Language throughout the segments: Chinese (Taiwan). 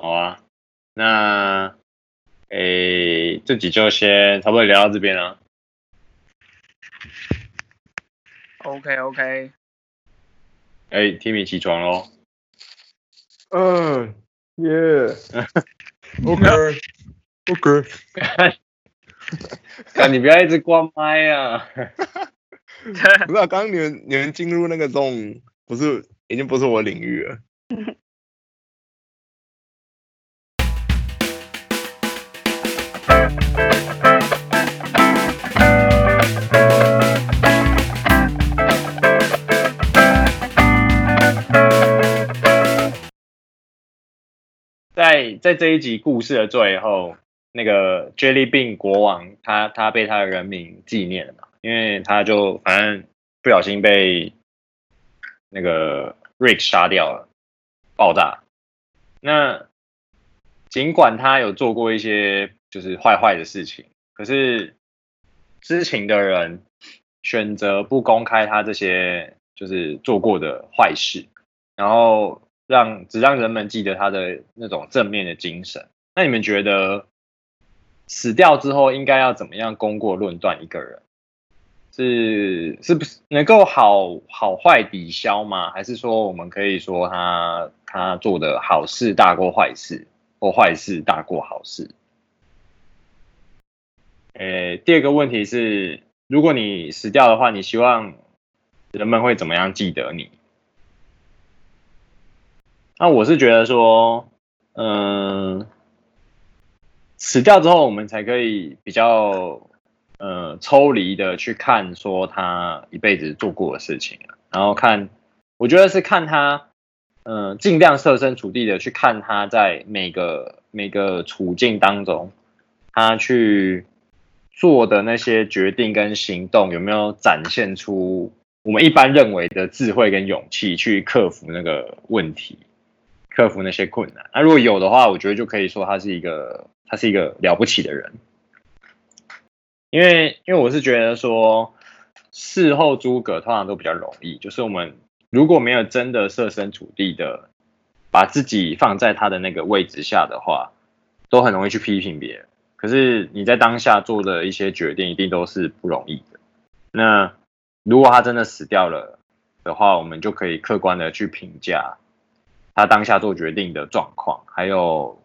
好啊，那，哎、欸，這集就先差不多聊到這邊了。OK OK、欸。哎 Timmy 起床嘍。嗯，耶。OK OK。啊，你不要一直關麥啊。 不是啊，剛，剛你們你們進入那個洞。不是已經不是我領域了。 在在這一集故事的最後，那個 Jelly Bean 國王他，他他被他的人民紀念了嘛，因為他就反正不小心被那個 Rick 殺掉了，爆炸。那儘管他有做過一些。就是壞壞的事情，可是知情的人選擇不公開他這些就是做過的壞事，然後讓只讓人們記得他的那種正面的精神。那你們覺得死掉之後應該要怎麼樣功過論斷一個人？是是不是能夠好好壞抵消嗎？還是說我們可以說他他做的好事大過壞事，或壞事大過好事？呃、欸，第二個問題是，如果你死掉的話，你希望人們會怎麼樣記得你？那我是覺得說，嗯、呃，死掉之後，我們才可以比較，嗯、呃，抽離的去看，說他一輩子做過的事情，然後看，我覺得是看他，嗯、呃，盡量設身處地的去看他在每個每個處境當中，他去。做的那些決定跟行動有沒有展現出我們一般認為的智慧跟勇氣，去克服那個問題，克服那些困難？那、啊、如果有的話，我覺得就可以說他是一個，他是一個了不起的人。因為，因為我是覺得說，事後諸葛通常都比較容易。就是我們如果沒有真的設身處地的把自己放在他的那個位置下的話，都很容易去批評別人。可是你在當下做的一些決定，一定都是不容易的。那如果他真的死掉了的話，我們就可以客觀的去評價他當下做決定的狀況，還有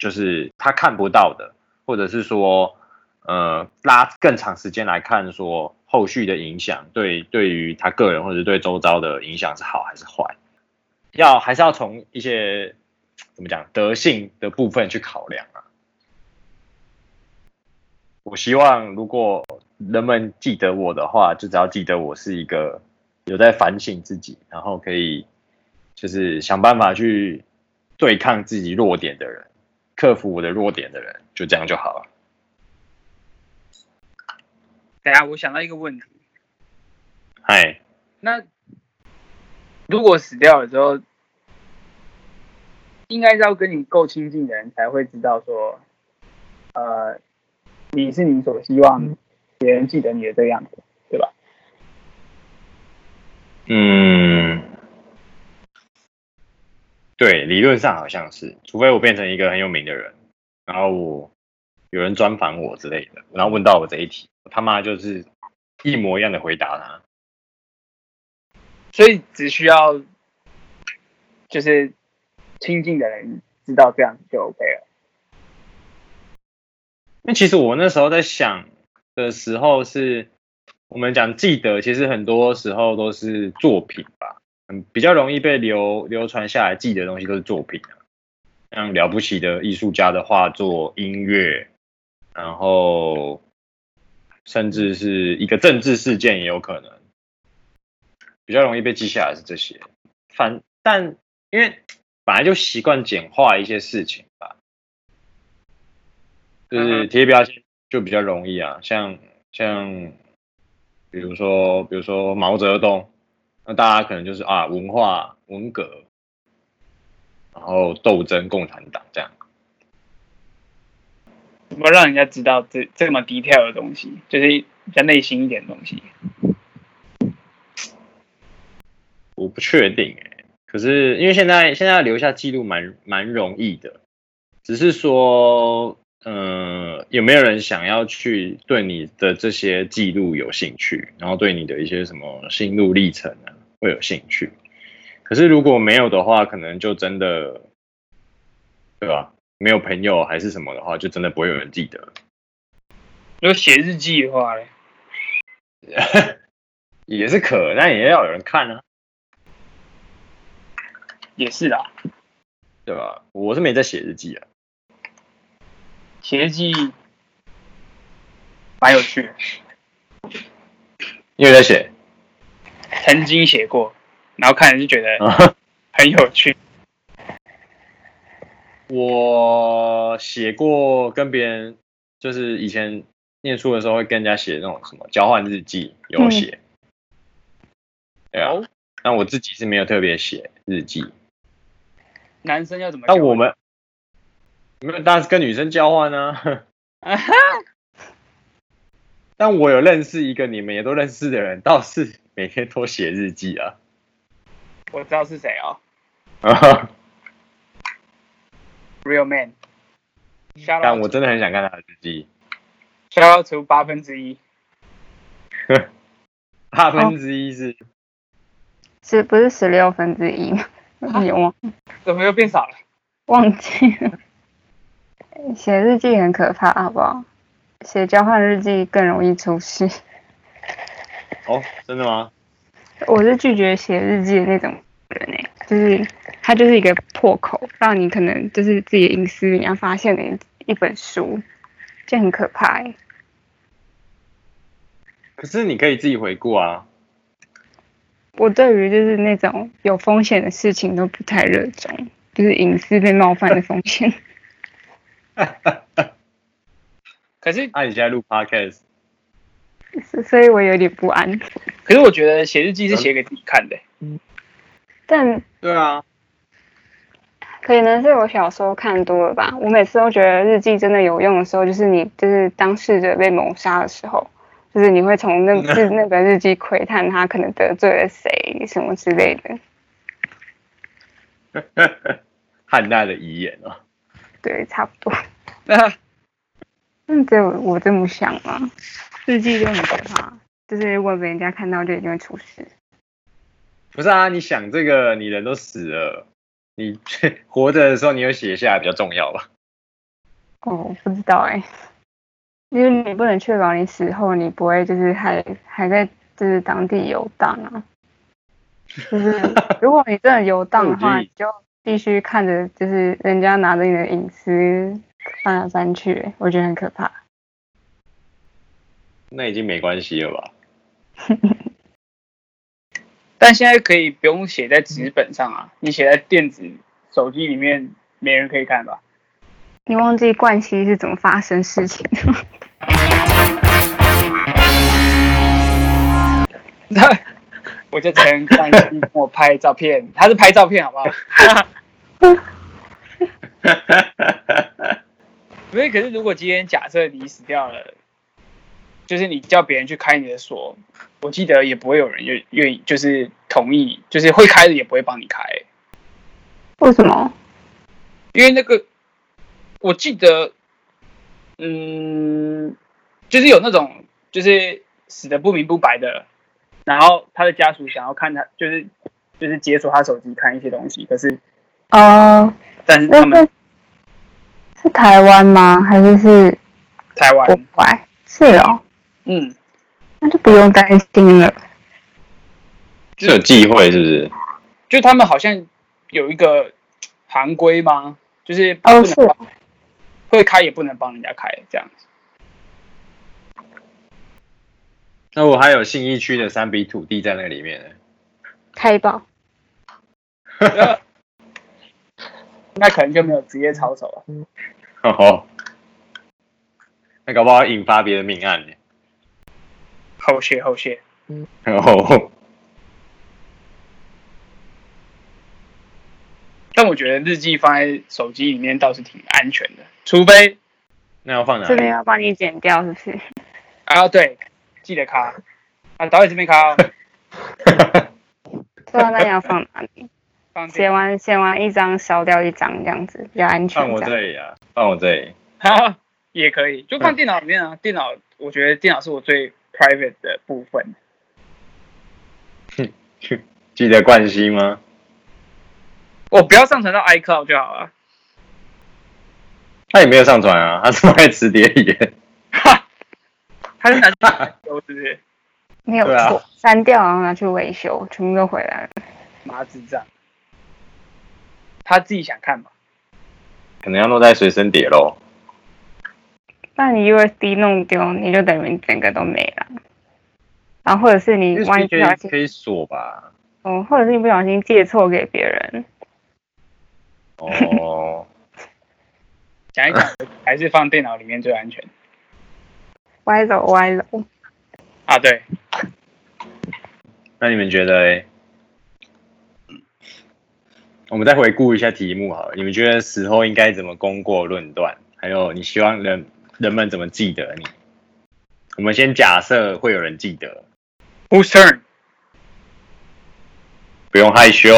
就是他看不到的，或者是說，呃，拉更長時間來看，說後續的影響對、對於他個人或者對周遭的影響是好還是壞，要還是要從一些怎麼講德性的部分去考量。我希望，如果人們記得我的話，就只要記得我是一個有在反省自己，然後可以就是想辦法去對抗自己弱點的人，克服我的弱點的人，就這樣就好了。等下，我想到一個問題。嗨 Hi，那如果死掉了之後，應該是要跟你夠親近的人才會知道說，呃。你是你所希望別人記得你的這樣子，對吧？嗯，對，理論上好像是，除非我變成一個很有名的人，然後我，有人專訪我之類的，然後問到我這一題，他媽就是一模一樣的回答他。所以只需要就是親近的人知道這樣就 OK 了。那其實我那時候在想的時候，是我們講記得，其實很多時候都是作品吧，嗯，比較容易被流流傳下來，記得的東西都是作品啊，像了不起的藝術家的畫作、音樂，然後甚至是一個政治事件也有可能，比較容易被記下來是這些。反，但因為本來就習慣簡化一些事情吧。就是貼標籤就比較容易啊，像像比如說比如說毛澤東，那大家可能就是啊文化文革，然後鬥爭共產黨這樣。怎麼讓人家知道這這麼低調的東西？就是比較內心一點的東西。我不確定哎、欸，可是因為現在現在留下記錄蠻蠻容易的，只是說。嗯，有沒有人想要去對你的這些記錄有興趣，然後對你的一些什麼心路歷程呢、啊、會有興趣？可是如果沒有的話，可能就真的，對吧？沒有朋友還是什麼的話，就真的不會有人記得。如果寫日記的話咧 也是可，但也要有人看啊。也是啦，對吧？我是沒在寫日記啊。寫日記蠻有趣的，的你有沒有在寫？曾經寫過，然後看人就覺得很有趣。啊、呵呵我寫過跟別人，就是以前念書的時候會跟人家寫那種什麼交換日記，有寫。嗯、對啊，但我自己是沒有特別寫日記。男生要怎麼？那我們。但是跟女生交換呢、啊？啊哈！ 但我有認識一個你們也都認識的人，倒是每天都寫日記啊。我知道是誰哦。啊哈 ！Real man。但我真的很想看他的日記。消除八分之一。八分之一是？Oh. 是不是十六分之一嗎？啊、 有嗎？怎麼又變少了？忘記了。寫日記很可怕，好不好？寫交換日記更容易出事。哦，真的嗎？我是拒絕寫日記的那種人呢、欸，就是它就是一個破口，讓你可能就是自己的隱私被人家發現的一本書，就很可怕、欸。可是你可以自己回顧啊。我對於就是那種有風險的事情都不太熱衷，就是隱私被冒犯的風險。 可是那、啊、你現在錄 Podcast，所以，我有點不安。可是，我覺得寫日記是寫給你看的。嗯，但對啊，可能是我小時候看多了吧。我每次都覺得日記真的有用的時候，就是你就是當事者被謀殺的時候，就是你會從那日那個日記窺探他可能得罪了誰什麼之類的。漢娜 的遺言啊。對，差不多。那、啊，嗯，這我這麼想嘛、啊，日記就很可怕，就是如果被人家看到，就一定會出事。不是啊，你想這個，你人都死了，你活着的時候你有寫下來比較重要吧？哦，不知道哎、欸，因為你不能確保你死後你不會就是還還在就是當地遊蕩啊，就是如果你真的遊蕩的話，你就。 必須看着，就是人家拿着你的隱私翻來翻去，我覺得很可怕。那已經沒關係了吧？ 但現在可以不用寫在紙本上啊，你寫在電子手機裡面，沒人可以看吧？你忘記冠希是怎麼發生事情的嗎？ 我就只能看你我拍照片，他是拍照片好不好？哈哈哈哈哈！不是，可是如果今天假設你死掉了，就是你叫別人去開你的鎖，我記得也不會有人願願意，就是同意，就是會開的也不會幫你開。為什麼？因為那個我記得，嗯，就是有那種就是死得不明不白的。然後他的家屬想要看他，就是就是解鎖他手機看一些東西，可是哦，呃、但是他們是，是台灣嗎？還是是台灣國外是？哦，嗯，那就不用擔心了，這有忌諱是不是？就他們好像有一個行規嗎？就是哦，是會開也不能幫人家開這樣子。那我還有信義區的三筆土地在那裡面呢，開棒爆！ 那可能就沒有職業操守了。哦吼、嗯 oh, oh，那搞不好引發別的命案呢。後寫後寫，然後、oh, oh, oh，但我覺得日記放在手機裡面倒是挺安全的，除非那要放哪裡？這邊要幫你剪掉，是不是？啊，對。記得卡啊，導演這邊卡哦。哈哈，那你要放哪裡？放寫完寫完一張，燒掉一張，這樣子比較安全。放我這裡啊，放我這裡。哈、啊，也可以，就放電腦裡面啊。嗯、電腦，我覺得電腦是我最 private 的部分。哼哼，記得冠希嗎？我、哦、不要上傳到 iCloud 就好了。他也沒有上傳啊，他是不在磁碟裡的。哈。 還是拿去維修是是， 沒有錯，啊、刪掉然後拿去維修，全部都回來了。媽智障，他自己想看嘛？可能要落在隨身碟嘍。那你 U S D 弄丟，你就等於整個都沒了。然後或者是你萬一覺得可以鎖吧。哦，或者是你不小心借錯給別人。哦。講 一講，還是放電腦裡面最安全。歪了歪了。啊，對。那你們覺得？我們再回顧一下題目好了，你們覺得死後應該怎麼功過論斷？還有，你希望人人們怎麼記得你？我們先假設會有人記得。Who's turn？ 不用害羞。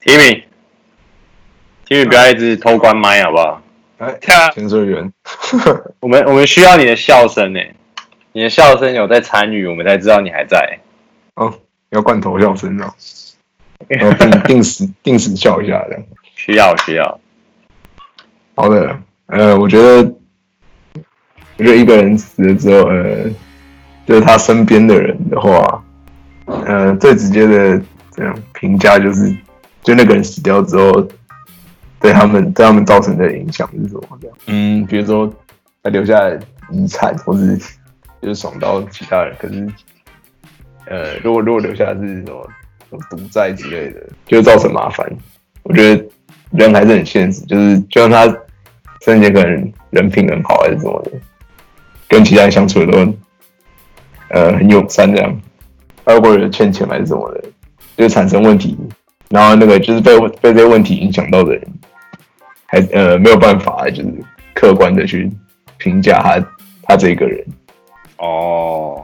Timmy。Timmy，、嗯、不要一直偷關麥好不好？潛水、欸、他摔員， 我們我們需要你的笑聲呢，你的笑聲有在參與，我們才知道你還在。哦，要罐頭笑聲哦、啊，要 定定時定時笑一下的，需要需要。好的，呃，我覺得，我覺得一個人死了之後，呃，就是他身邊的人的話，呃，最直接的這樣評價就是，就那個人死掉之後。對他們對他們造成的影響是什麼？嗯，比如說他留下遺產，或是就是爽到其他人。可是，呃，如果如果留下的是什麼什麼賭債之類的，就造成麻煩。我覺得人還是很現實，就是就像他生前可能人品很好，還是什麼的，跟其他人相處的都呃很友善這樣。包括有欠錢還是什麼的，就產生問題，然後那個就是被被這些問題影響到的人。還呃沒有辦法，就是客觀的去評價他，他這一個人。哦，oh,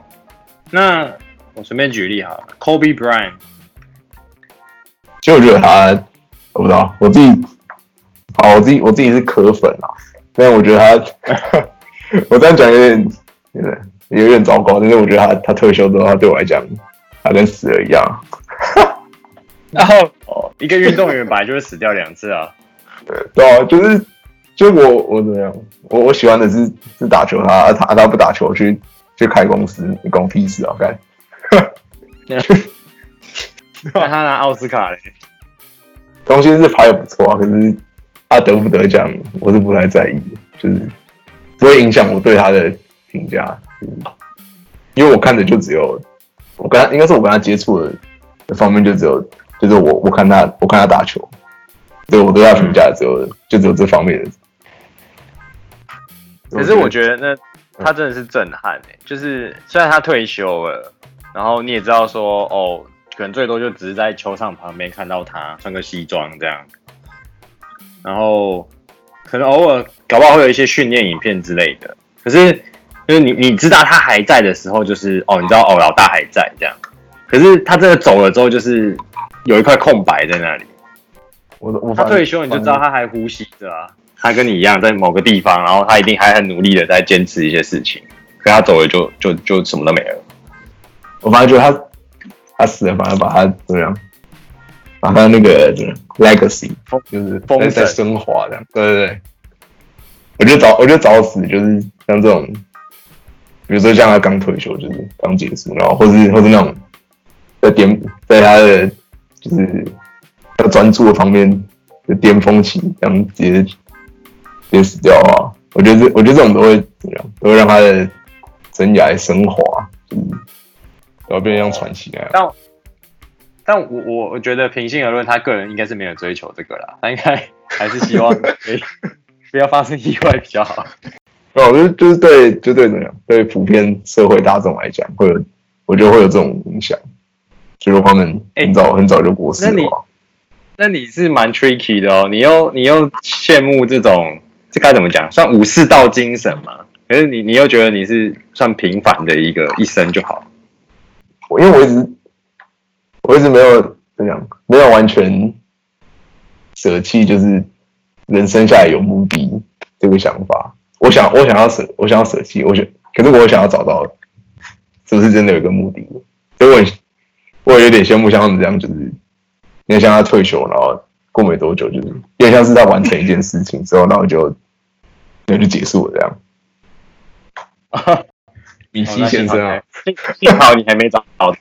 那我順便舉例哈，Kobe Bryant，就我覺得他，我不知道我自己，哦，我自己我自己是可粉啊，但我覺得他， 我這樣講有點有點有點糟糕，但是我覺得他，他退休的話對我來講，他跟死了一樣。然後哦，一個運動員本來就是死掉兩次啊。對啊，就是，就我我怎麼樣，我我喜歡的是是打球他，他他他不打球去去開公司，你管屁事啊！OK，那 他拿奧斯卡咧，東西是拍的不錯啊，可是他，啊，得不得獎，我是不太在意，就是不會影響我對他的評價，就是，因為我看的就只有我跟他，應該是我跟他接觸的方面就只有，就是我我看他我看他打球。對我都要評價之後，嗯、就只有這方面的。可是我覺得那他真的是震撼誒，嗯、就是雖然他退休了，然後你也知道說哦，可能最多就只是在球場旁邊看到他穿個西裝這樣，然後可能偶爾搞不好會有一些訓練影片之類的。可是就是你你知道他還在的時候，就是哦你知道哦老大還在這樣，可是他這個走了之後，就是有一塊空白在那裡。我我他退休，你就知道他還呼吸着啊！他跟你一樣，在某個地方，然後他一定還很努力的在堅持一些事情。可他走了就，就就就什麼都沒了。我反而覺得他他死了，反而把他怎麼樣，把他那個 legacy 就是在生樣風在升華的。對對對，我覺得我覺得早死就是像這種，比如說像他剛退休，就是剛結束，然後或是或是那種在點在他的就是。要專注的方面的巔峰期，這樣直接直接死掉的話，我覺得這我覺得這種都會怎樣，都會讓他的生涯的升華，嗯、就是，都要變成像傳奇那樣。哦、但但我我我覺得，平心而論，他個人應該是沒有追求這個啦，他應該還是希望可以 不要發生意外比較好。哦，就是、就是對就對怎樣，對普遍社會大眾來講會有，我覺得會有這種影響，結果他們很早、欸、很早就過世了。那你是蠻 tricky 的哦，你又你又羨慕這種，這該怎麼講？算武士道精神嘛。可是你你又覺得你是算平凡的一個一生就好。我因為我一直，我一直沒有這樣，沒有完全捨棄，就是人生下來有目的這個想法。我想我想要捨，我想要捨棄，我想我可是我想要找到，是不是真的有一個目的？所以我有我也有點羨慕像你這樣，就是。因為像他退休，然後過沒多久就是，因為像是在完成一件事情之後，然後就，那就結束了這樣。啊、米西先生啊，啊，幸好你還沒找到，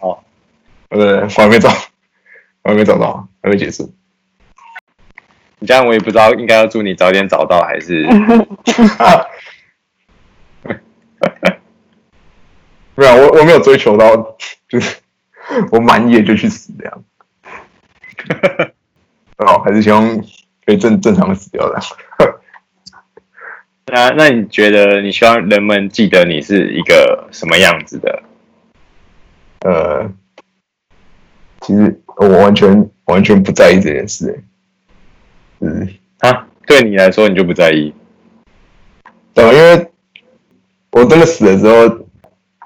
呃、 啊，還沒找，還沒找到，還沒結束。你這樣我也不知道，應該要祝你早點找到還是？ 沒有，我我沒有追求到，就是我滿意的就去死這樣。 哦，還是希望可以正正常的死掉的。那、 啊、那你覺得，你希望人們記得你是一個什麼樣子的？呃，其實我完全我完全不在意這件事，欸。嗯、就是，啊，對你來說你就不在意？對、嗯，因為我真的死了之後，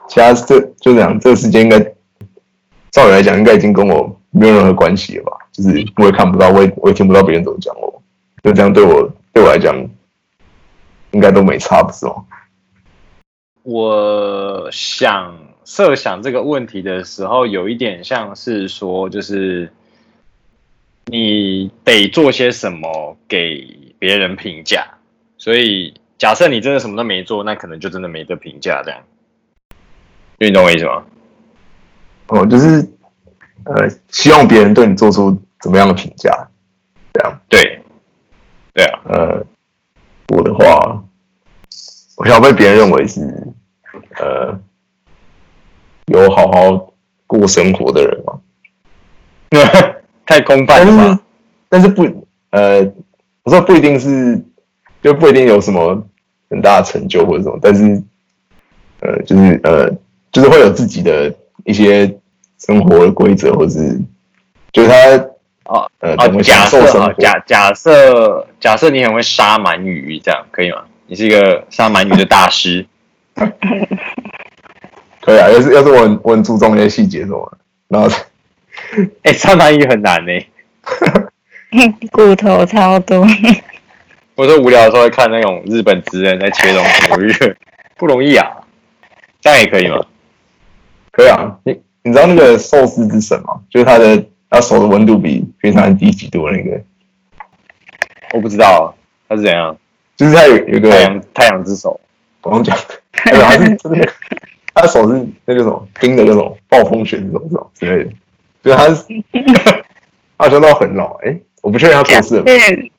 其他這，就這樣，這個世界應該，照理來講，應該已經跟我沒有任何關係了吧？就是我也看不到，我也我也聽不到別人怎麼講我。就這樣，對我對我來講，應該都沒差，不是嗎？我想設想這個問題的時候，有一點像是說，就是你得做些什麼給別人評價。所以假設你真的什麼都沒做，那可能就真的沒得評價。這樣，你懂我意思嗎？哦、嗯，就是。呃，希望別人對你做出怎麼樣的評價？這樣對對啊，呃，我的話，我想被別人認為是呃，有好好過生活的人嘛？ 太空泛了嗎？但是，但是不呃，我說不一定是，就不一定有什麼很大的成就或者什麼，但是呃，就是呃，就是會有自己的一些。生活的規則，或是就是他哦，呃，假設設、哦、假假設假設你很會殺鰻魚，這樣可以嗎？你是一個殺鰻魚的大師， 可以啊。要是要是我很我很注重一些細節，什麼然後，哎、欸，殺鰻魚很難誒， 骨頭超多。我說無聊的時候會看那種日本職人在切龍骨魚，不容易啊。這樣也可以嗎？可以啊，你。你知道那個壽司之神嗎？就是他的他手的溫度比平常人低幾度那個。我不知道、啊、他是怎樣，就是他有有個太陽太陽之手，我剛講，而且他是真的， 他的手是那個什麼冰的那種暴風雪那種那種之類的。對，就他是阿修羅很老哎、欸，我不確定他過世。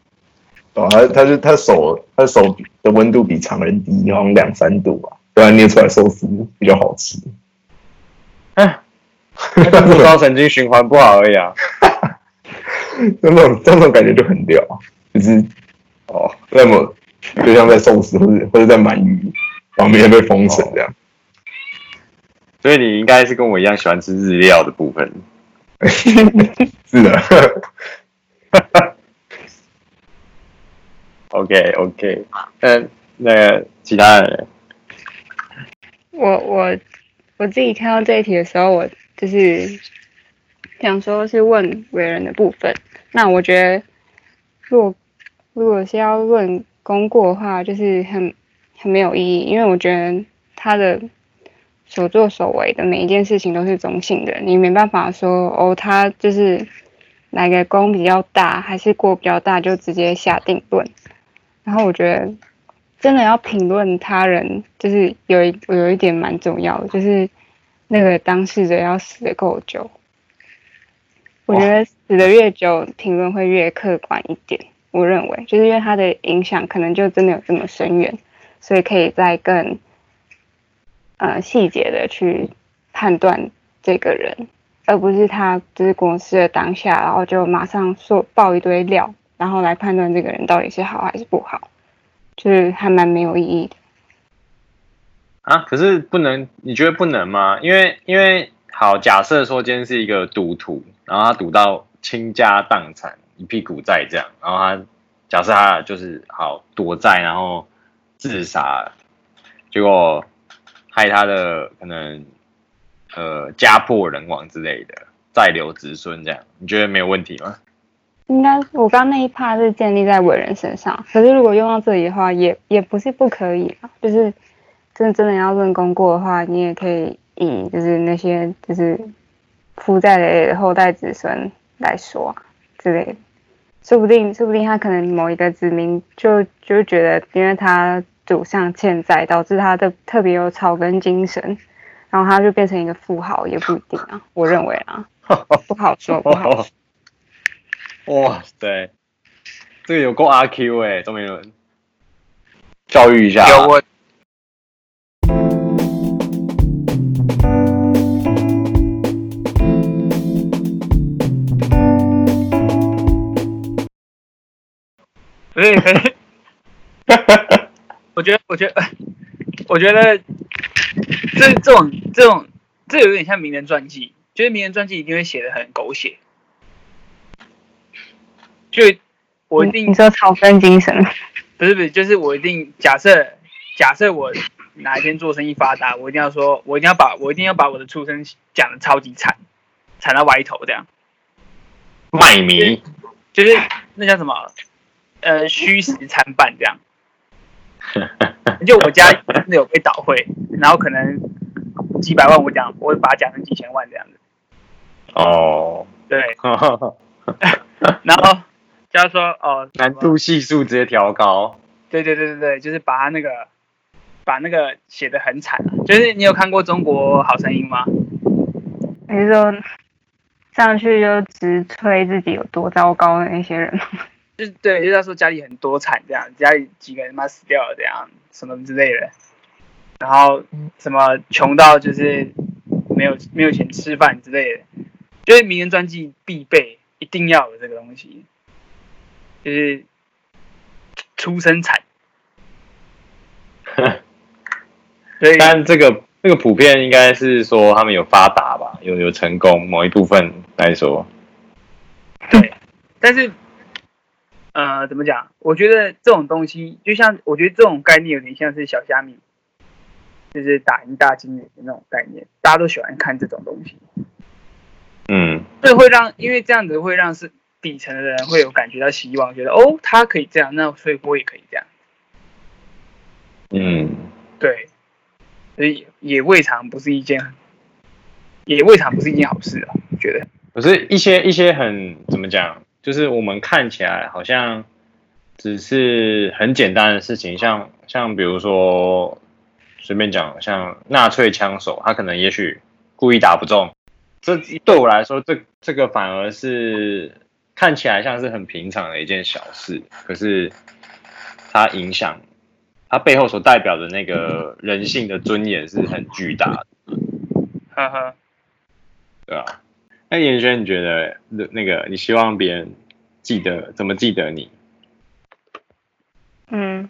懂嗎、 哦？他就他手他的手的溫度比常人低，好像兩三度吧，不然、啊、捏出來壽司比較好吃。哎。 高神 經循環不好而已啊！ 這種這種感覺就很屌，就是哦，那麼就像在壽司，或者或者在鰻魚，旁邊被封城這樣。哦、所以你應該是跟我一樣喜歡吃日料的部分， 是的。哈哈。OK OK，嗯，那個、其他人我，我我我自己看到這一題的時候，我。就是想說是問為人的部分，那我覺得，如果如果是要論功過的話，就是很很沒有意義，因為我覺得他的所作所為的每一件事情都是中性的，你沒辦法說哦，他就是哪個功比較大，還是過比較大，就直接下定論。然後我覺得，真的要評論他人，就是有一有一點蠻重要的，就是。那個當事者要死得夠久，哇我覺得死得越久，評論會越客觀一點。我認為，就是因為他的影響可能就真的有這麼深遠，所以可以再更呃細節的去判斷這個人，而不是他就是過世的當下，然後就馬上說爆一堆料，然後來判斷這個人到底是好還是不好，就是還蠻沒有意義的。啊！可是不能，你覺得不能嗎？因為因為好，假設說今天是一個賭徒，然後他賭到傾家蕩產、一屁股債這樣，然後他假設他就是好躲債，然後自殺，結果害他的可能呃家破人亡之類的，債留子孫這樣，你覺得沒有問題嗎？應該，我剛剛那一趴是建立在偉人身上，可是如果用到這裡的話，也也不是不可以啊，就是。真的真的要論功過的話，你也可以以就是那些就是負債的後代子孫來說啊之類的，說不定說不定他可能某一個子民就就覺得，因為他祖上欠債，導致他的特別有草根精神，然後他就變成一個富豪也不一定啊，我認為啊， 不好說，不好說。哇，對，這個有夠阿 Q 哎、欸，都沒有人教育一下。教我不可以。 我覺得，我覺得，我覺得，這這種這種，這有點像名人傳記。就是名人傳記一定會寫的很狗血。就我一定你說草根精神，不是不是，就是我一定假設，假設我哪一天做生意發達，我一定要說，我一定要把我一定要把我的出生講的超級慘，慘到歪頭這樣。賣米，就是那叫什麼？呃，虛實參半這樣，就我家那有被倒會， 然後可能幾百萬我講，我講我會把它講成幾千萬這樣子。哦，oh. 對，oh. 然後, 然後就是說，哦、oh, 什麼，難度係數直接調高。對對對對對，就是把它那個把那個寫得很慘了。就是你有看過《中國好聲音》嗎？比如說上去就直吹自己有多糟糕的那些人。就對，就在說家裡很多慘，這樣家裡幾個人媽死掉了，這樣什麼之類的，然後什麼窮到就是沒有沒有錢吃飯之類的，就是名人傳記必備一定要有這個東西，就是出身慘。呵呵，所以但這個這個普遍應該是說他們有發達吧，有有成功某一部分來說。對，但是。呃，怎麼講？我覺得這種東西，就像我覺得這種概念有點像是小蝦米，就是打贏大鯨魚的那種概念，大家都喜歡看這種東西。嗯，對會讓，因為這樣子會讓是底層的人會有感覺到希望，覺得哦，他可以這樣，那所以我也可以這樣。嗯，對，所以也未嘗不是一件，也未嘗不是一件好事啊。我覺得，不是一些一些很怎麼講。就是我們看起來好像只是很簡單的事情，像像比如說，隨便講，像納粹槍手，他可能也許故意打不中，這對我來說，這這個反而是看起來像是很平常的一件小事，可是它影響它背後所代表的那個人性的尊嚴是很巨大的，哈哈，對啊。哎、啊，嚴軒，你覺得那，那個你希望別人記得，怎麼記得你？嗯，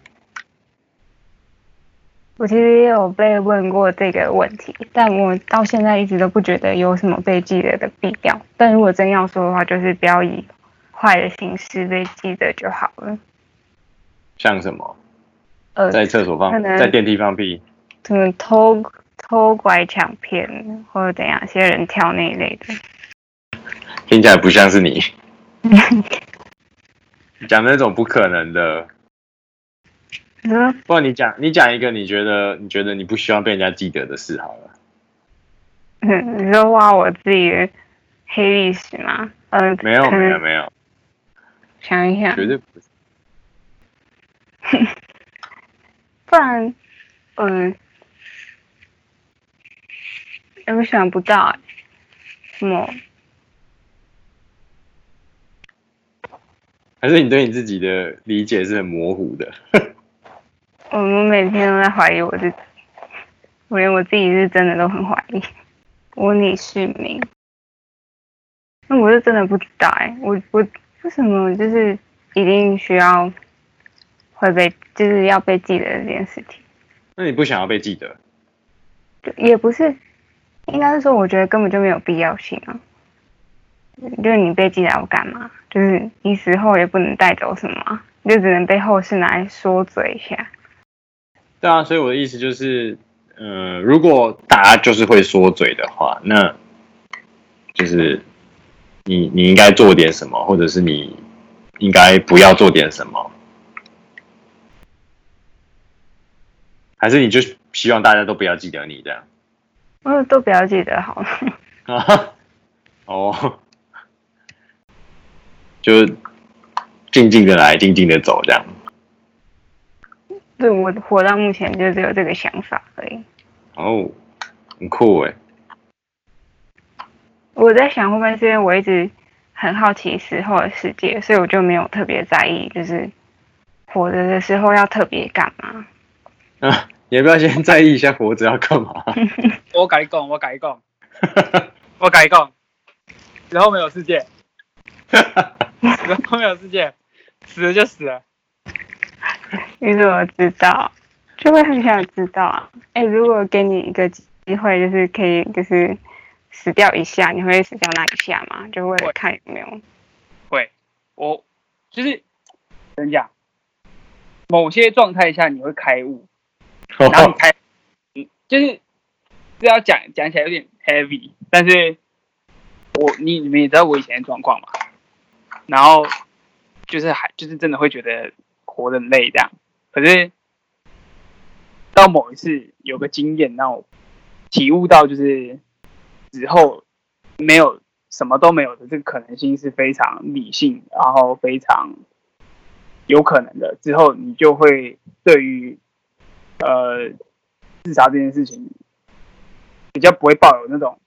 我其實也有被問過這個問題，但我到現在一直都不覺得有什麼被記得的必要。但如果真要說的話，就是不要以壞的形式被記得就好了。像什麼？而在廁所放、能在電梯放屁？偷偷拐搶騙，或者怎樣？些人跳那一類的。聽起來不像是你講的 那種不可能的。不過，你講你講一個你覺得你覺得你不希望被人家記得的事好了。嗯，你說挖我自己的黑歷史嗎？嗯，沒有沒有沒有。想一下，絕對不是。不然，嗯，有想不到什麼。還是你對你自己的理解是很模糊的。 我們每天都在懷疑我自己，我連我自己是真的都很懷疑。我你是明。那我是真的不知道哎、欸，我我為什麼就是一定需要會被就是要被記得這件事情？那你不想要被記得？就也不是，應該是說我覺得根本就沒有必要性啊。就是你被記得要幹嘛？就是你死後也不能帶走什麼，就只能被後世來說嘴一下。對啊，所以我的意思就是，嗯、呃，如果大家就是會說嘴的話，那就是你你應該做點什麼，或者是你應該不要做點什麼，還是你就希望大家都不要記得你這樣？我，都不要記得好了哦。 就靜靜的來，靜靜的走，這樣。對，我活到目前就只有這個想法而已。哦，oh, 很酷哎！我在想，會不會是因為我一直很好奇死後的世界，所以我就沒有特別在意，就是活着的時候要特別幹嘛？啊，要不要先在意一下活着要幹嘛？ 我改一我改一 我改一然後沒有世界。 死了，朋友之間，死了就死了。 你怎麼知道？就會很想知道啊！哎、欸，如果給你一個機會，就是可以，就是死掉一下，你會死掉那一下嗎？就會看有沒有。會，會，我就是，怎麼講？某些狀態下你會開悟，oh、然後開，嗯，oh，就是，這要講講起來有點 heavy，但是我，我你你們也知道我以前的狀況嗎？然後就是還就是真的會覺得活得很累這樣，可是到某一次有個經驗，讓我體悟到，就是之後沒有什麼都沒有的這個可能性是非常理性，然後非常有可能的。之後你就會對於呃自殺這件事情比較不會抱有那種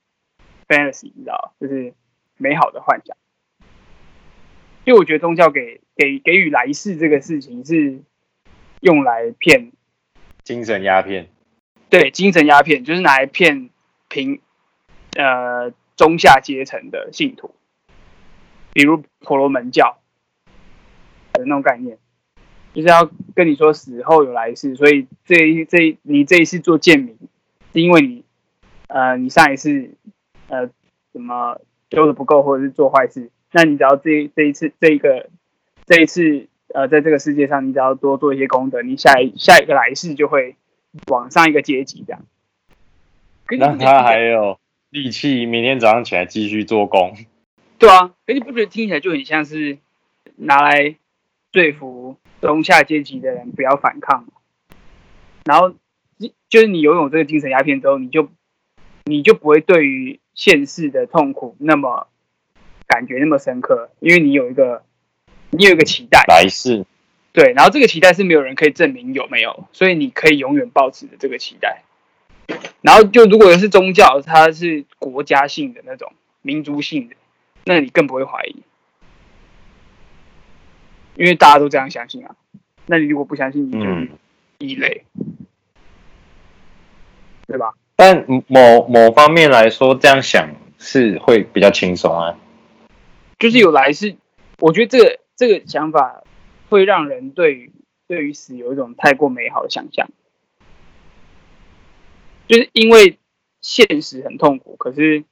fantasy，你知道，就是美好的幻想。因為我覺得宗教給給給予來世這個事情是用來騙精神鴉片，對，精神鴉片就是拿來騙貧呃中下階層的信徒，比如婆羅門教的那種概念，就是要跟你說死後有來世，所以這一這一，你這一次做賤民是因為你呃你上一次呃怎麼丟得不夠或者是做壞事。那你只要這這一次這一個這一次呃，在這個世界上，你只要多做一些功德，你下一下一個來世就會往上一個階級。這樣，那他還有力氣，明天早上起來繼續做工。對啊，可是你不覺得聽起來就很像是拿來說服中下階級的人不要反抗？然後，就是你擁有這個精神鴉片之後，你就你就不會對於現世的痛苦那麼。感覺那麼深刻，因為你有一個，你有一個期待來世是，對，然後這個期待是沒有人可以證明有沒有，所以你可以永遠抱持著這個期待。然後就如果是宗教，它是國家性的那種、民族性的，那你更不會懷疑，因為大家都這樣相信啊。那你如果不相信，你就異類，嗯、對吧？但某某方面來說，這樣想是會比較輕鬆啊。就是有來世，我覺得這個這個想法會讓人對於對於死有一種太過美好的想象，就是因為現實很痛苦，可是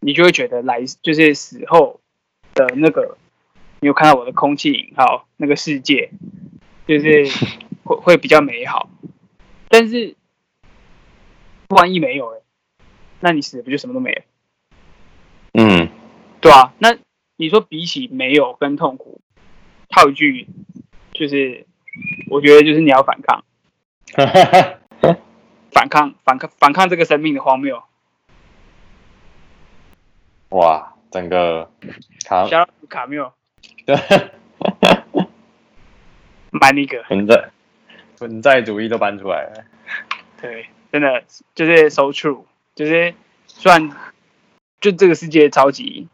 你就會覺得來就是死後的那個，你有看到我的空氣引號，那個世界，就是會會比較美好，但是萬一沒有哎、欸，那你死不就什麼都沒了？嗯，對啊，那你說比起沒有跟痛苦，套一句，就是我覺得就是你要反抗， 反抗反抗反抗這個生命的荒謬。哇，整個卡想卡繆，對就，蠻 那個存在存在主義都搬出來了。對，真的就是 so true，就是雖然就這個世界超級。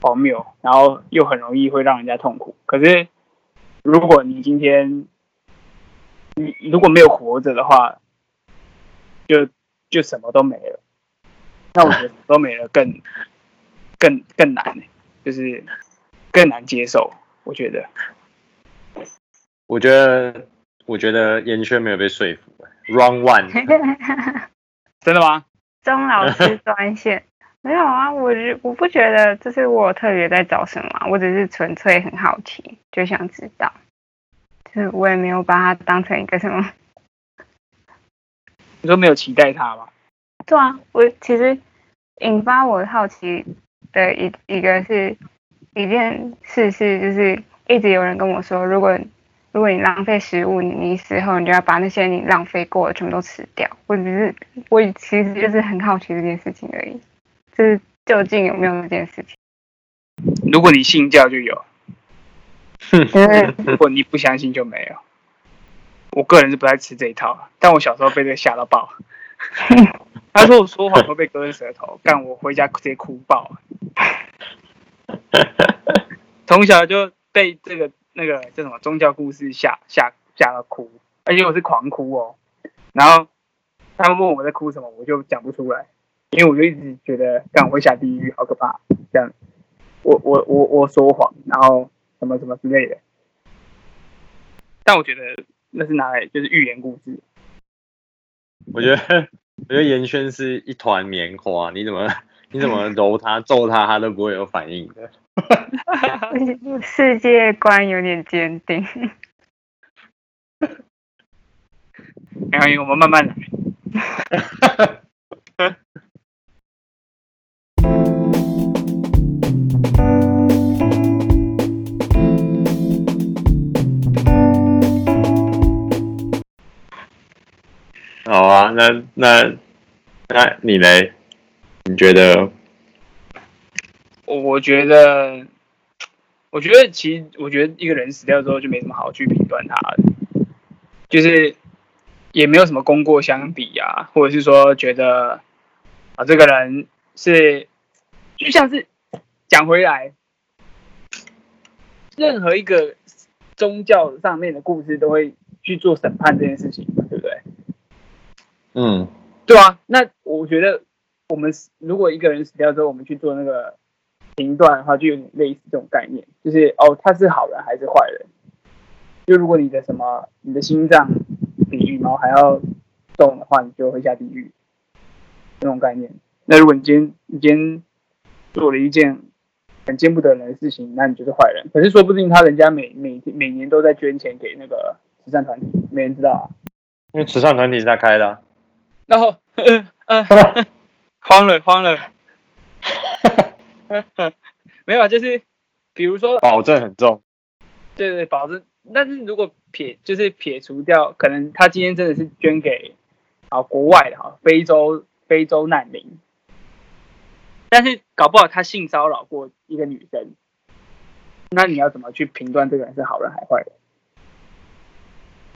荒謬，然後又很容易會讓人家痛苦。可是，如果你今天你如果沒有活着的話，就就什麼都沒了。那我覺得什麼都沒了更 更更難，就是更難接受。我覺得，我覺得我覺得煙圈沒有被說服，run one， 真的嗎？鍾老師專線。 沒有啊，我覺我不覺得這是我特別在找什麼，我只是純粹很好奇，就想知道，就是我也沒有把它當成一個什麼，你說沒有期待它吧？對啊，我其實引發我好奇的一一個是一件事是，就是一直有人跟我說，如果如果你浪費食物，你你死後你就要把那些你浪費過的全部都吃掉，我只是我其實就是很好奇這件事情而已。是究竟有沒有那件事情？如果你信教就有， 如果你不相信就沒有。我個人是不太吃這一套，但我小時候被這個嚇到爆。 他說我說謊會被割舌頭，但我回家直接哭爆。從 小就被這個那個叫什麼宗教故事嚇嚇嚇到哭，而且我是狂哭哦。然後他們問我在哭什麼，我就講不出來。因為我就一直覺得這樣會下地獄好可怕，這樣，我我我我說謊，然後什麼什麼之類的。但我覺得那是拿來就是預言故事。我覺得我覺得岩圈是一團棉花，你怎麼你怎麼揉它 揍它，它都不會有反應的。 世界觀有點堅定。沒關係，我們慢慢來 好啊，那那那你呢？你覺得？我覺得，我覺得，其實我覺得一個人死掉之後就沒什麼好去評斷他，就是也沒有什麼功過相比啊，或者是說覺得啊，這個人是就像是講回來，任何一個宗教上面的故事都會去做審判這件事情。嗯，對啊，那我覺得我們如果一個人死掉之後，我們去做那個評斷的話，就有點類似這種概念，就是哦，他是好人還是壞人？就如果你的什麼，你的心臟比羽毛還要重的話，你就會下地獄。這種概念，那如果你今天你今天做了一件很見不得人的事情，那你就是壞人。可是說不定他人家每每每年都在捐錢給那個慈善團體，沒人知道啊。因為慈善團體是他開的。然後、no, 嗯,嗯嗯 慌，慌了慌了， 沒有，啊，就是比如說，保證很重，對，對對，保證。但是如果撇，就是撇除掉，可能他今天真的是捐給啊國外的哈，非洲非洲難民，但是搞不好他性騷擾過一個女生，那你要怎麼去評斷這個人是好人還壞人？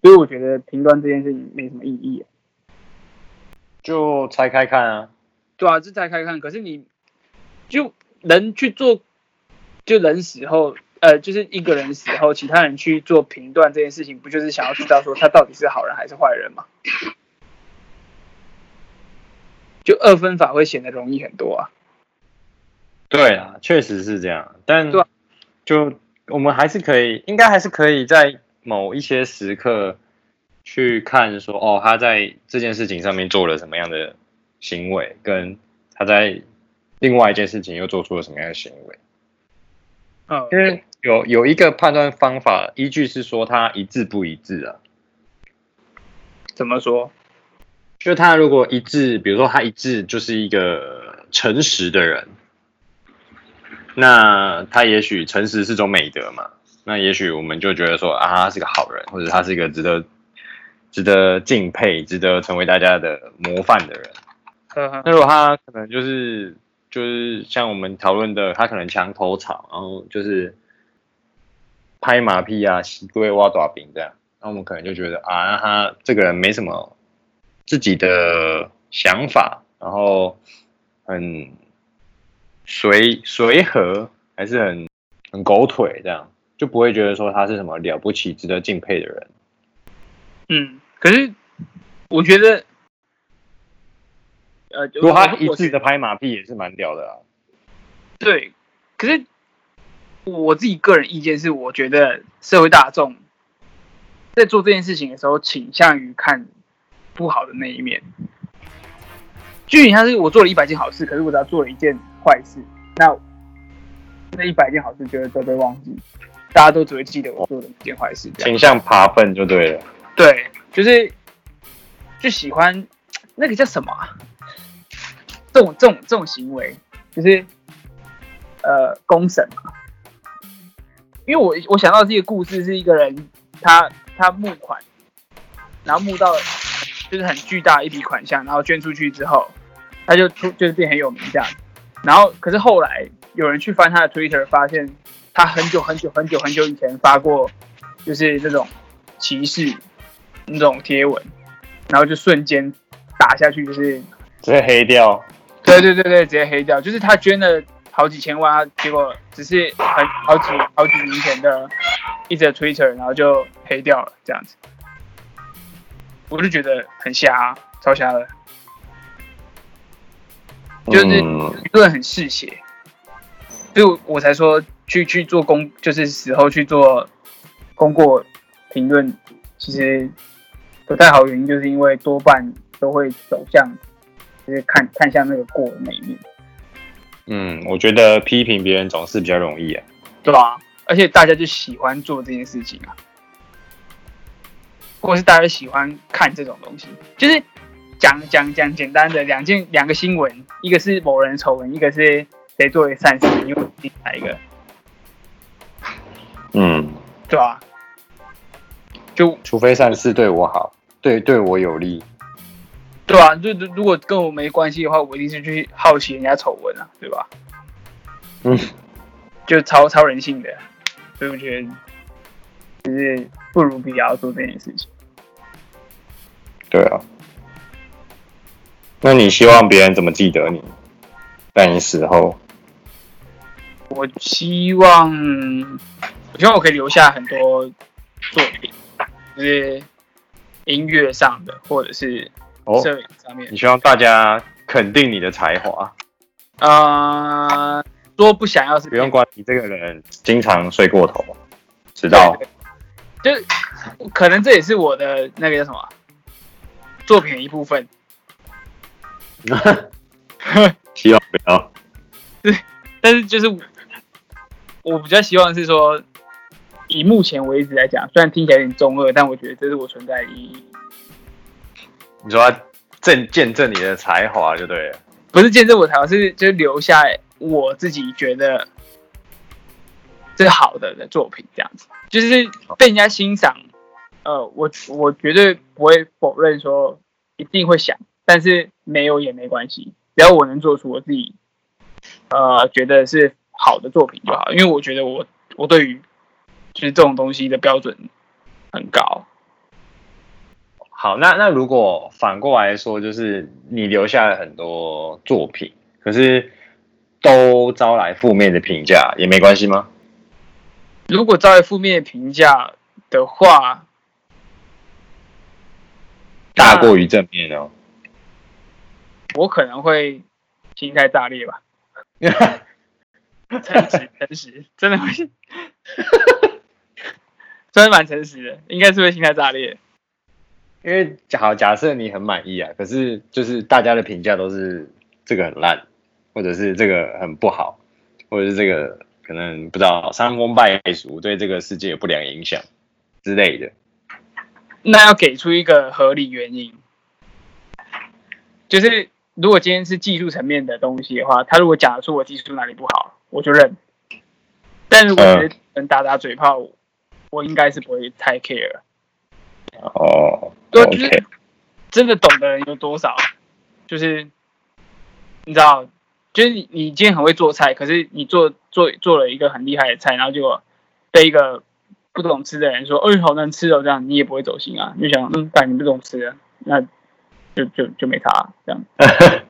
所以我覺得評斷這件事情沒什麼意義。就拆開看啊，對啊，就拆開看，可是你就人去做，就人死後，呃，就是一個人死後，其他人去做評斷這件事情，不就是想要知道說他到底是好人還是壞人嗎？就二分法會顯得容易很多啊。對啊，確實是這樣，但就我們還是可以，應該還是可以在某一些時刻。去看說哦，他在這件事情上面做了什麼樣的行為，跟他在另外一件事情又做出了什麼樣的行為。嗯，因為有有一個判斷方法，依據是說他一致不一致啊。怎麼說？就他如果一致，比如說他一致就是一個誠實的人，那他也許誠實是種美德嘛，那也許我們就覺得說啊，他是個好人，或者他是一個值得。值得敬佩，值得成為大家的模範的人。呵呵。那如果他可能就是就是像我們討論的，他可能牆頭草，然後就是拍馬屁啊，洗歸挖爪餅這樣，那我們可能就覺得啊，他這個人沒什麼自己的想法，然後很隨隨和，還是很很狗腿，這樣就不會覺得說他是什麼了不起、值得敬佩的人。嗯。可是，我覺得，呃，如果他一次的拍馬屁也是蠻屌的啊。對，可是我自己個人意見是，我覺得社會大眾在做這件事情的時候，傾向於看不好的那一面。就你、嗯、像是我做了一百件好事，可是我只要做了一件壞事，那那一百件好事絕對都被忘記，大家都只會記得我做的一件壞事。傾向爬糞就對了。對。就是，就喜歡那個叫什麼啊？這種這種這種行為，就是呃，公審嘛。因為我我想到這個故事，是一個人他他募款，然後募到就是很巨大一筆款項，然後捐出去之後，他就出就是變很有名這樣。然後可是後來有人去翻他的 Twitter，發現他很久很久很久很久以前發過，就是這種歧視。那種貼文，然後就瞬間打下去，就是對對對對，直接黑掉。對對對對，直接黑掉。就是他捐了好幾千萬，啊、結果只是很好幾好幾年前的，一則 Twitter，然後就黑掉了，這樣子。我就覺得很瞎，啊，超瞎的。嗯、就是輿論很嗜血，所以我才說去去做功，就是死後去做功過評論，其實。不太好，原因就是因為多半都會走向，就是看看向那個過的一面。嗯，我覺得批評別人總是比較容易，欸、啊，對吧？而且大家就喜歡做這件事情啊，或是大家喜歡看這種東西，就是講講講簡單的兩件兩個新聞，一個是某人醜聞，一個是誰做了善事，因為另外一個？嗯，對吧、啊？就除非善事對我好，對對我有利，對啊，就如果跟我沒關係的話，我一定是去好奇人家醜聞啊，對吧？嗯，就超超人性的，所以我覺得就是不如必要做這件事情。對啊，那你希望別人怎麼記得你，在你死後？我希望，我希望我可以留下很多作品。就是音樂上的，或者是攝影上面。哦，你希望大家肯定你的才華。啊、呃，說不想要是不用管你這個人，經常睡過頭，知道。對對對，就可能這也是我的那個叫什麼作品的一部分。 希望不要。對， 但是就是我比較希望是說。以目前為止來講，雖然聽起來有點中二，但我覺得這是我存在的意義。你說他見證你的才華就對了，不是見證我才華，是就是留下我自己覺得最好的的作品，這樣子就是被人家欣賞。呃，我我絕對不會否認說一定會想，但是沒有也沒關係，只要我能做出我自己呃覺得是好的作品就好。因為我覺得我我對於就是這種東西的標準很高。好，那那如果反過來說，就是你留下了很多作品，可是都招來負面的評價，也沒關係嗎？如果招來負面評價的話，大過於正面哦、喔。我可能會心態炸裂吧。誠實， 誠實，真的會。 真的蠻誠實的，應該是不是心態炸裂。因為假假設你很滿意啊，可是就是大家的評價都是這個很爛，或者是這個很不好，或者是這個可能不知道傷風敗俗，對這個世界有不良影響之類的。那要給出一個合理原因，就是如果今天是技術層面的東西的話，他如果假如說我技術哪裡不好，我就認。但如果是我你能打打嘴炮。嗯我應該是不會太 care 哦、oh, okay. 啊，對、就是真的懂的人有多少？就是你知道，就是你今天很會做菜，可是你做做做了一個很厲害的菜，然後結果被一個不懂吃的人說：“哎、哦、好難吃哦。”這樣你也不會走心啊，就想：“嗯，但你不懂吃，那就就就沒差、啊、這樣。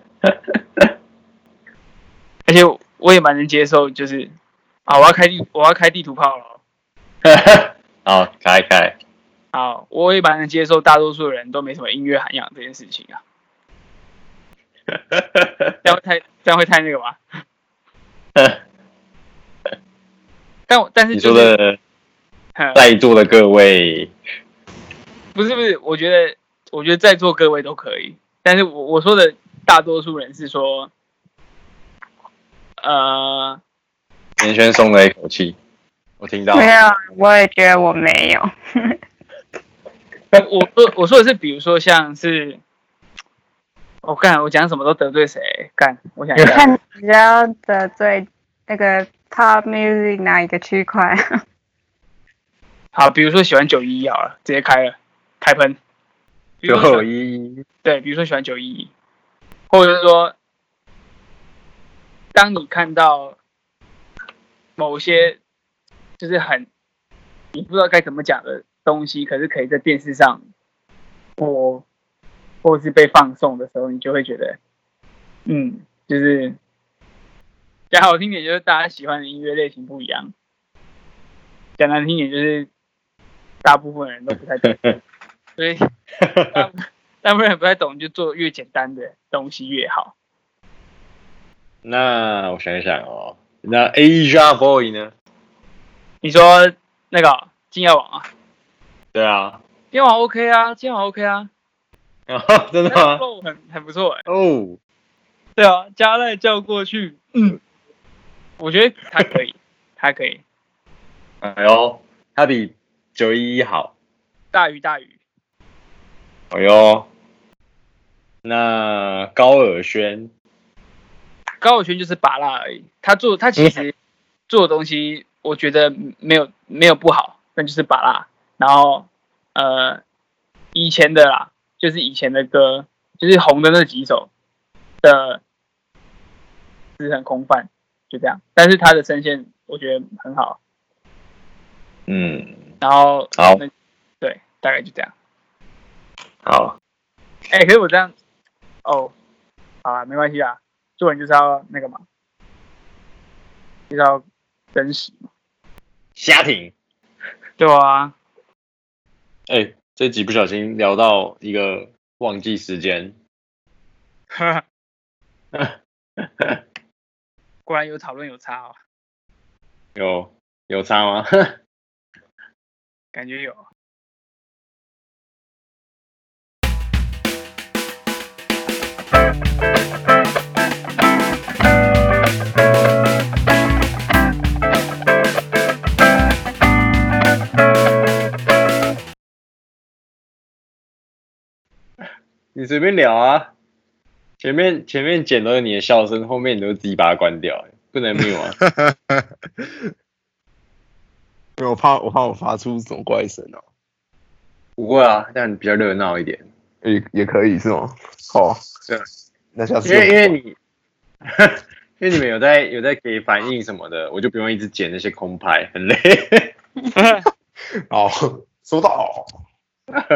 而且我也蠻能接受，就是啊，我要開地，我要開地圖炮了、哦。 好，可以可以。好，我一般能接受大多數人都沒什麼音樂涵養這件事情啊。 這樣會太，這樣會太那個吧。 但我，但是、就是、你說的呵在座的各位，不是不是，我覺得我覺得在座各位都可以，但是我我說的大多數人是說，呃，彥軒鬆了一口氣。我聽到沒有？我也覺得我沒有。 我說我,我說的是，比如說像是，哦、我看我講什麼都得罪誰干？我想看你要得罪那個 top music 哪一個區塊？ 好，比如說喜歡九一一好了，直接開了開噴九一一。九一一。對，比如說喜歡九一一，或者是說，當你看到某些。就是很你不知道該怎麼講的東西，可是可以在電視上播，或是被放送的時候，你就會覺得，嗯，就是講好聽點，就是大家喜歡的音樂類型不一樣；講難聽點，就是大部分人都不太懂， 所以大、大部分人不太懂，就做越簡單的東西越好。那我想一想哦，那 Asia Boy 呢？你說那個金耀網啊？對啊，金耀網 OK 啊，金耀網 OK 啊。哦、啊，真的嗎？很很不錯哎、欸。哦，對啊，加賴叫過去，嗯，我覺得還可以，還 可以。哎呦，他比九一一好。大魚大魚。哎呦，那高爾軒，高爾軒就是擺爛而已。他做他其實做的東西。嗯我覺得沒有沒有不好，那就是芭樂。然後，呃，以前的啦，就是以前的歌，就是紅的那幾首的，是很空泛，就這樣。但是他的聲線，我覺得很好。嗯。然後。好那。對，大概就這樣。好。哎、欸，可是我這樣，哦，好啊，沒關係啊，做人就是要那個嘛，就是要真實嘛。家庭，對啊，哎、欸，這集不小心聊到一個忘記時間，哈哈，果然有討論有差哦，有有差嗎？ 感覺有。 你隨便聊啊，前面前面剪了你的笑聲，後面你都自己把它關掉、欸，不能沒有啊。 沒有，我怕我怕我發出什麼怪聲哦、啊。不會啊，但比較熱鬧一點，也、欸、也可以是嗎？好，對，那下次因為因為你，因為你們有在有在給反應什麼的，我就不用一直剪那些空拍，很累。哦， 收到。